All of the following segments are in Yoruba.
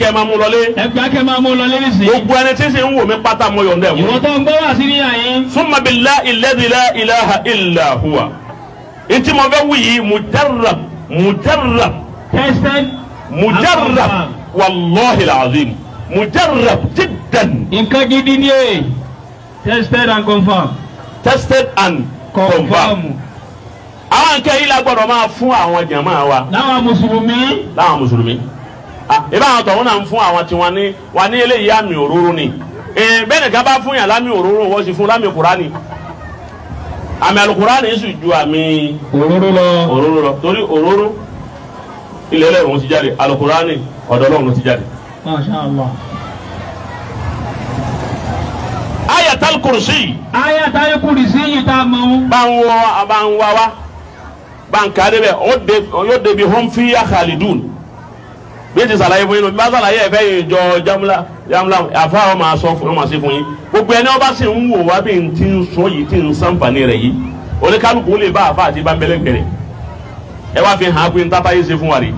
kẹ́ máa mú lọlé. ẹgbẹ́ kẹ́ máa mú lọlé nísìnyí. gbogbo ẹni tí ń sìn ń wò mí pátá mo yọ̀ǹda ẹ̀wọ̀n. ìwọ tó ń gbọ́ wá sí níyà yín. summa billahi alladhi la ilaha illa huwa. etí mo fẹ́ wù yìí mujarrab mujarrab. tested. mujarab, wallahi alazim mujarrab jiddan. nǹkan gidi ni e. tested and confirmed. tested and confirmed àwọn nǹkan yìí la gbọ́dọ̀ máa fún àwọn jàmáà wa. láwọn mùsùlùmí. láwọn musulumi. Ah, ìbá àwọn tọ̀hún náà ń fún àwọn tiwọn ní wa ní eléyìí àmì òróró ni eh, bẹ́ẹ̀ nìkan bá fún yàn lámì òróró wọ́n sì fún lámì kùránì àmì alukurani sì ju àmì òróró lọ òróró lọ torí òróró ilé ẹlẹ́rùn ti jáde alukurani ọ̀dọ̀ Ọlọ́run ti jáde. Masha Allah. ayatal kursi. ayatal kursi yìí tá a mọ̀ wọn. bá ń wọ bá ń wá wá bá ń kárí bẹ́ẹ̀ yóò débi hum fiya khalidun bí ti sàlàyé fún yín lóbi bá sàlàyé ẹ̀fẹ́ yìí jọ jamula jamula àfa àwọn máa sọ fún wọn máa ṣe fún yín gbogbo ẹni ọba sì ń wò wá bí n ti ń sọ yìí ti ń sànfàní rẹ̀ yìí oníkálukú lè bá àfa àti bámbẹ́lẹ́ gbẹ̀rẹ̀ ẹ wá fi hàn pé n tata yìí ṣe fún wa rí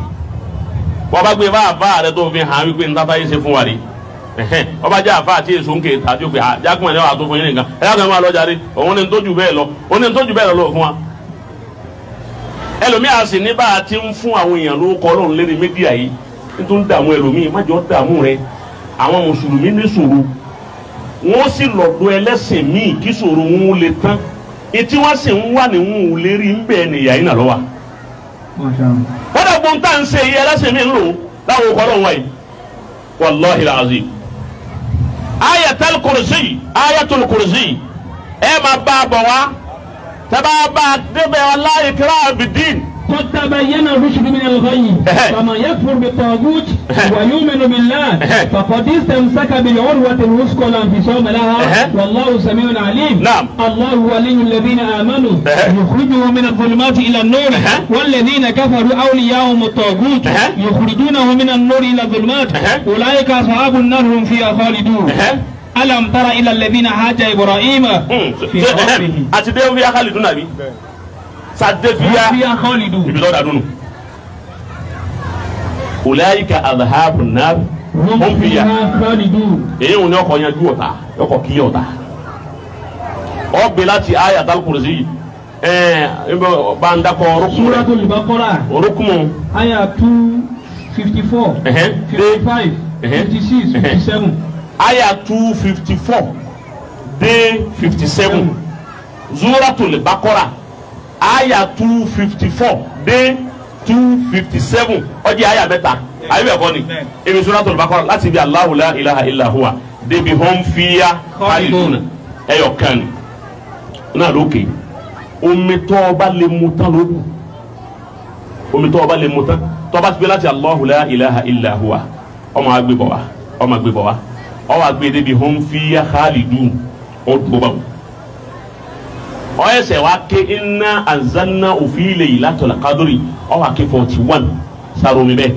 wọ́n bá gbé bá àfa rẹ̀ tó fi hàn wípé n tata yìí ṣe fún wa rí wọ́n jẹ́ àfa àti èso ń kéta tó pé jákùn ẹ̀rẹ́ wà tó fún yín nìkan ẹ̀ láti ẹlòmíà sì ní bá a ti ń fún àwọn èèyàn lórúkọ Ọlọ́run lé ní mídíà yìí tó ń dààmú ẹlòmíì má jọ dààmú rẹ àwọn mùsùlùmí ní sòro wọ́n sì lọ́dọ̀ ẹlẹ́sìn míì kí sòro wọn ò lè tán etí wọ́n sì ń wà ní wọn ò lè rí bẹ́ẹ̀ nìyà yìí nà lọ́wọ́ wọ́n dàgbọ́ ń tà ń ṣe iye ẹlẹ́sìn míì ń lò láwọn òkú ọlọ́run wáyé wàlláhi làzí. ayatul kursi ayatul kursi ẹ máa bá a bọ̀ wá tẹ́ bá a bá a débẹ̀ ọlá ìkírà bìdín. قد تبين الرشد من الغي فمن يكفر بالطاغوت ويؤمن بالله فقد استمسك بالعروة الوثقى لا انفصام لها والله سميع عليم نعم الله ولي الذين آمنوا يخرجهم من الظلمات إلى النور والذين كفروا أولياءهم الطاغوت يخرجونه من النور إلى الظلمات أولئك أصحاب النار هم فيها خالدون ألم ترى إلى الذين حاج إبراهيم أمم. في ربه أتبعوا فيها خالدون أبي sadefiya ibi lọ́dà dunu. wòláyì ka alahabu náà wọ́n fi ya èyí wọn ni ọkọ̀ yanjú ọ̀tá ọkọ̀ kí ọ̀tá ọgbẹ́ láti aya dálkùrẹ́sì yìí bandakọ orukumu. suratul bakora. orukumu. aya two fifty four. fifty five. fifty six fifty seven. aya two fifty four dé fifty seven. suratul bakora aya two fifty four dé two fifty seven ọjọ́ aya mẹ́ta àyẹ̀wò ẹ̀kọ́ ni ebi sọ́nà tó lùbákọ́ láti ibi Allahu la ilaha illa huwa débi hom fìyà khalidun ẹ̀yọ̀ kan náà lókè omi tọ́ọ̀ba lè mu tán lókù omi tọ́ọ̀ba lè mu tán tọ́ọ̀ba ti gbé láti Allahu la ilaha illa huwa ọmọ agbébọ̀ wa ọmọ agbébọ̀ wa ọmọ agbé débi hom fiya khalidun ó dùn bọ́ báwo ọ ẹsẹ̀ wa ké iná azanna òfin ilé yìí látọ̀ lakadori ọ wà ké forty one sàròmí bẹ́ẹ̀.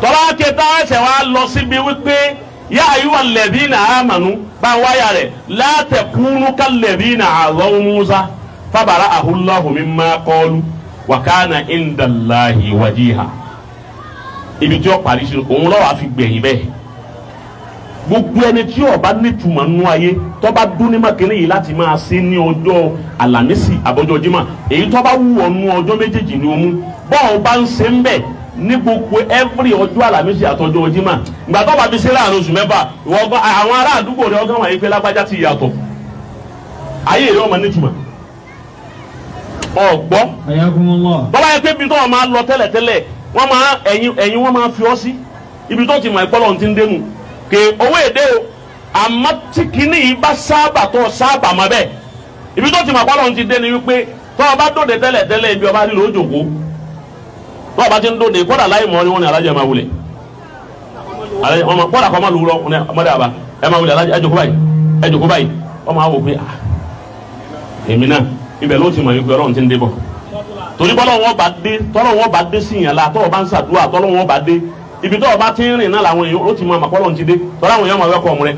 tọ́lá kẹta ẹsẹ̀ wa lọ síbi wípé yá àyíwá lẹ́bí nà á mànú bá wáyà rẹ̀ látẹ̀kúnú ká lẹ́bí nà á musa fabara ahullahu mimma qalu wa kana indallahi wajiha ibi tí ó parí sí òun lọ́wọ́ àfi gbẹ̀yìn bẹ́ẹ̀ gbogbo ẹni tí ó bá nítumọ̀ nú ayé tó bá dún ní mọ̀kínní yìí láti máa ṣe ní ọjọ́ àlàmísì àbọ̀jọ́ jímọ̀ èyí tó bá wù ọ́ nú ọjọ́ méjèèjì ni ó mú bọ́ọ̀ bá ń ṣe ń bẹ̀ ní gbogbo every ọjọ́ àlàmísì àtọjọ́ jímọ̀ ìgbà tó bá fi ṣe láàrin oṣù mẹ́fà àwọn ará àdúgbò rẹ̀ ọgọ́rùn-ún àyè pé lágbájá ti yàtọ̀ ayé rẹ̀ ọmọ nítumọ̀ ọ̀gbọ́ bọ́lá yẹ pé ibi tó máa lọ tẹ́lẹ̀tẹ́lẹ̀ wọ́n máa ẹ̀yìn wọ́n máa fi ọ́ sí ibi tó ti mọ̀ ẹ̀pọ́lọ́ ti ń dénú kè owó èdè o àmọ́ tí kinní yìí bá sábà tó sábà mọ́ bẹ́ẹ̀ ibi tó ti mọ̀ pálọ̀ ti dé ni wípé tó o bá dòde tẹ́lẹ̀ tẹ́lẹ̀ ibi ọba nílò òjòkó tó o bá ti ń dòde kódà láì mọ̀ ni wọ́n ní alájẹ máa wulẹ̀ alájẹ ọmọ kódà kọ́ máa lùúrọ̀ ní ọmọdé àbá ẹ máa wulẹ̀ alájẹ ẹjọ́kó báyìí ẹjọ́kó báyìí ọmọ àwọn òpin èmi náà ibẹ̀ ló ti mọ̀ wípé ọlọ́run ti ń dé bọ̀ torí bọ́lọ́wọ́ bá dé bá dé sí ìyànlá bá ń ṣàdúrà ibi tó ọba ti ń rìn náà làwọn èèyàn ó ti mọ àmàkọ́lọ́ ti dé tọ́lá àwọn èèyàn máa wẹ́kọ̀ ọmọ rẹ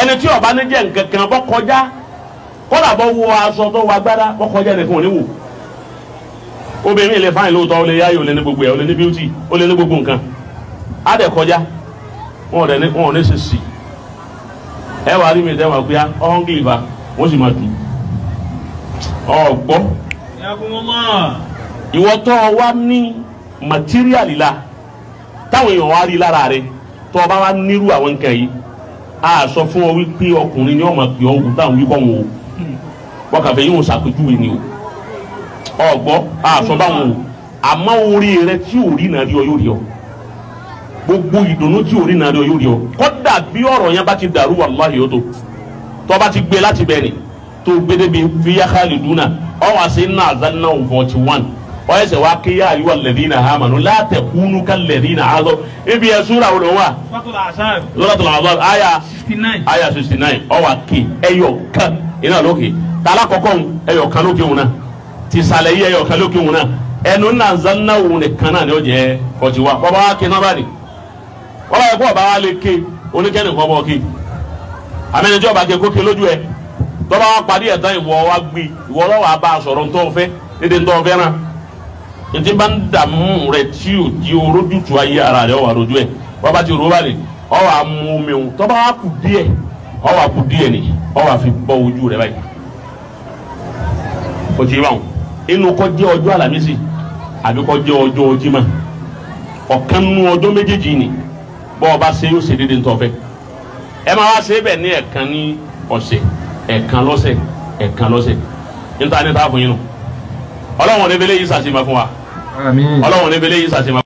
ẹni tí ọba ní jẹ́ nkankan bọ́ kọjá kọ́lá bọ́ wọ aṣọ tó wọ agbádá bọ́ kọjá nìkan ò ní wò obìnrin ilẹ̀ fáìn lóòótọ́ ó lè yáyò ó lè ní gbogbo ẹ̀ ó lè ní bíútì ó lè ní gbogbo nǹkan á dẹ̀ kọjá wọn ò dẹ̀ ní wọn ò ní ṣe sí ẹ wàá rí mi dẹ́ wà pé ọ̀hún kì í fa wọ́n sì máa dùn ọ̀gbọ́ ìwọ́tọ́ wa ní material la táwọn èèyàn wá rí lára rẹ tó o bá wá nírú àwọn nǹkan yìí a sọ fún ọ wípé ọkùnrin ni ọmọ pè ọ wù táwọn wípọ̀ wọn o wọn kàfẹ́ yóò ṣàpèjúwe ni o ọgbọ́ a sọ báwọn o àmọ́ orí rẹ tí ò rí nàrí ọ yóò rí ọ gbogbo ìdùnnú tí ò rí nàrí ọ yóò rí ọ kódà bí ọ̀rọ̀ yẹn bá ti dàrú wàláhì ó tó tó bá ti gbé láti bẹ̀ ni tó gbé débi fíyàkálì dúnà ọ̀ wá sí náà zanna forty one wọ́n ẹsẹ̀ wá kí yá àyíwá lẹ́dínà hámanu látẹ̀ kúnú ká lẹ́dínà azọ ibi ẹ̀ súra wò ló wà. lọ́tọ̀lá azọ aya aya sixty nine ọwọ́ àkè ẹyọ kan iná lókè tààlà kọ̀kọ́ ẹyọ kan lókè wọn náà tìsàlẹ̀ yìí ẹyọ kan lókè wọn náà ẹnu náà zanna wò ní kan náà ni ó jẹ kọ̀tì wa bọ́ba wa ké nọ́mbà ni bọ́ba yẹ kó ọba wa lè ké oníkẹ́ni kọ́ bọ́ ké àmẹ́nijọ́ bá ké lójú ẹ tọ́ba wa parí ẹ̀ tán ìwọ wa gbé ìwọ lọ́wọ́ abá sọ̀rọ̀ ntọ́ fẹ́ dédé ntí bá ń dààmú rẹ tí o di o rojú tu ayé ara rẹ ọ rojú ẹ bàbá ti rọ báyìí ọ wà mú omi òun tọ́ba kù díẹ̀ ọ kù díẹ̀ ni ọ wà fi bọ́ ojú rẹ báyìí o ti bá wọn inú kọ́ jẹ́ ọjọ́ àlàmísì àbí kọ́ jẹ́ ọjọ́ jimá ọ̀kan nu ọjọ́ méjèèjì ni bọ́ ọba ṣe yóò ṣe déédéé ntọ́fẹ́ ẹ máa wá ṣe é bẹ̀ ní ẹ̀kan ní ọ̀sẹ̀ ẹ̀kan lọ́sẹ̀ ẹ̀kan lọ́sẹ̀ níta ní táàbù yín nù ọlọ́run ní bẹ́lẹ́ yìí ṣàṣìmọ̀ fún wa ọlọ́run níbi eléyìí ṣàṣemọ.